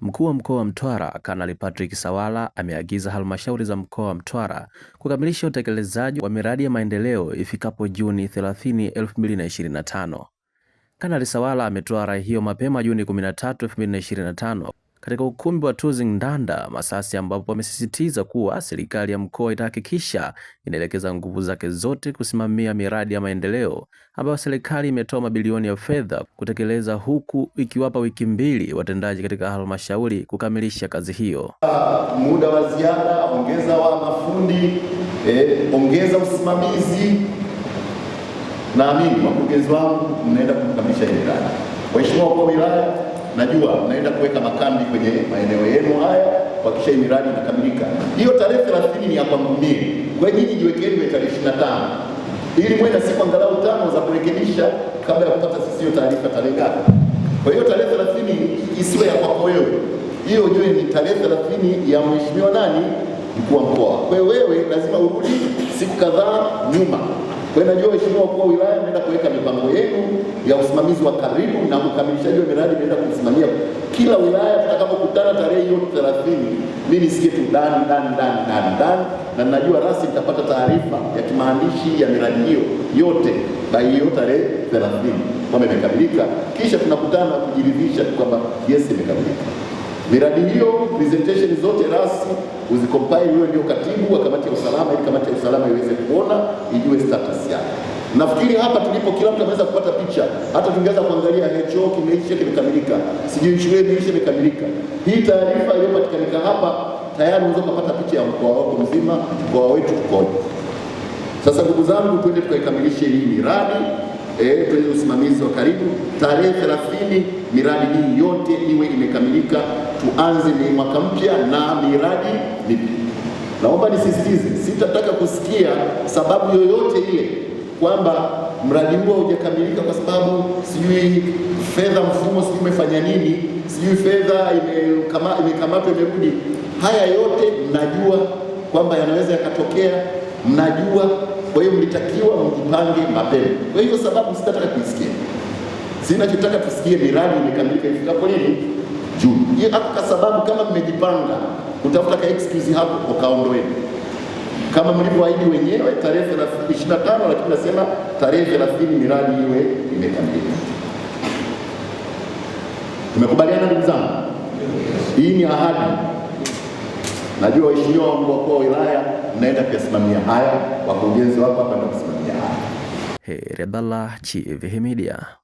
Mkuu wa Mkoa wa Mtwara Kanali Patrick Sawala ameagiza halmashauri za mkoa wa Mtwara kukamilisha utekelezaji wa miradi ya maendeleo ifikapo Juni 30, 2025. Kanali Sawala ametoa rai hiyo mapema Juni 13, 2025 katika ukumbi wa Tuzi Ndanda Masasi, ambapo amesisitiza kuwa serikali ya mkoa itahakikisha inaelekeza nguvu zake zote kusimamia miradi ya maendeleo ambayo serikali imetoa mabilioni ya fedha kutekeleza, huku ikiwapa wiki mbili watendaji katika halmashauri kukamilisha kazi hiyo. Muda wa ziada, ongeza mafundi eh, ongeza usimamizi. Naamini wakurugenzi wangu mnaenda kukamilisha miradi. Waheshimiwa wa wilaya najua mnaenda kuweka makambi kwenye maeneo yenu haya kuhakikisha hii miradi inakamilika. Hiyo tarehe 30 ni ya kwangu mie, kwa nyinyi jiwekeni ile tarehe 25 ili muwe na siku angalau tano za kurekebisha kabla ya kupata sisi hiyo taarifa tarehe ngapi. Kwa hiyo tarehe 30 isiwe ya kwako wewe, hiyo ujue ni tarehe 30 ya mheshimiwa nani, mkuu wa mkoa. Kwa hiyo wewe lazima urudi siku kadhaa nyuma. Kwa hiyo najua mheshimiwa mkuu wa wilaya anaenda kuweka mipango ya usimamizi wa karibu na ukamilishaji wa miradi imeenda kusimamia kila wilaya. Tutakapokutana tarehe hiyo 30, mimi nisikie tu ndani ndani ndani ndani ndani, na najua rasmi nitapata taarifa ya kimaandishi ya miradi hiyo yote na hiyo tarehe 30 kwamba imekamilika, kisha tunakutana kujiridhisha kwamba yes, imekamilika miradi hiyo. Presentation zote rasmi uzikompile, wewe ndio katibu wa kamati ya usalama, ili kamati ya usalama iweze kuona, ijue status yake. Nafikiri hapa tulipo kila mtu anaweza kupata picha, hata tungeweza kuangalia hicho kimeisha kimekamilika, sijui shule imeisha imekamilika. Hii taarifa iliyopatikana hapa tayari unaweza kupata picha ya mkoa wako mzima, mkoa wetu tukoje. Sasa ndugu zangu, twende tukaikamilishe hii miradi eh, tuende usimamizi wa karibu, tarehe 30 miradi hii yote iwe imekamilika, tuanze ni mwaka mpya na miradi mipya. Naomba nisisitize, sitataka kusikia sababu yoyote ile kwamba mradi huo haujakamilika kwa sababu sijui fedha mfumo sijui umefanya nini, sijui fedha imekamatwa imerudi. Haya yote mnajua kwamba yanaweza yakatokea, mnajua. Kwa hiyo mlitakiwa mjipange mapema. Kwa hiyo sababu sitataka kuisikia, sinachotaka tusikie miradi imekamilika ifikapo nini Juni. Hiyo hapo, kwa sababu kama mmejipanga kutafuta ka excuse hapo, wakaondoeni kama mlivyoahidi wenyewe tarehe 25, lakini nasema tarehe 30 miradi iwe imekamilika. Tumekubaliana ndugu zangu, hii ni ahadi. Najua waheshimiwa wakuu wa wilaya mnaenda kuyasimamia haya, wakurugenzi wako hapa ndio kusimamia haya. Hey, Redala, Chief Media.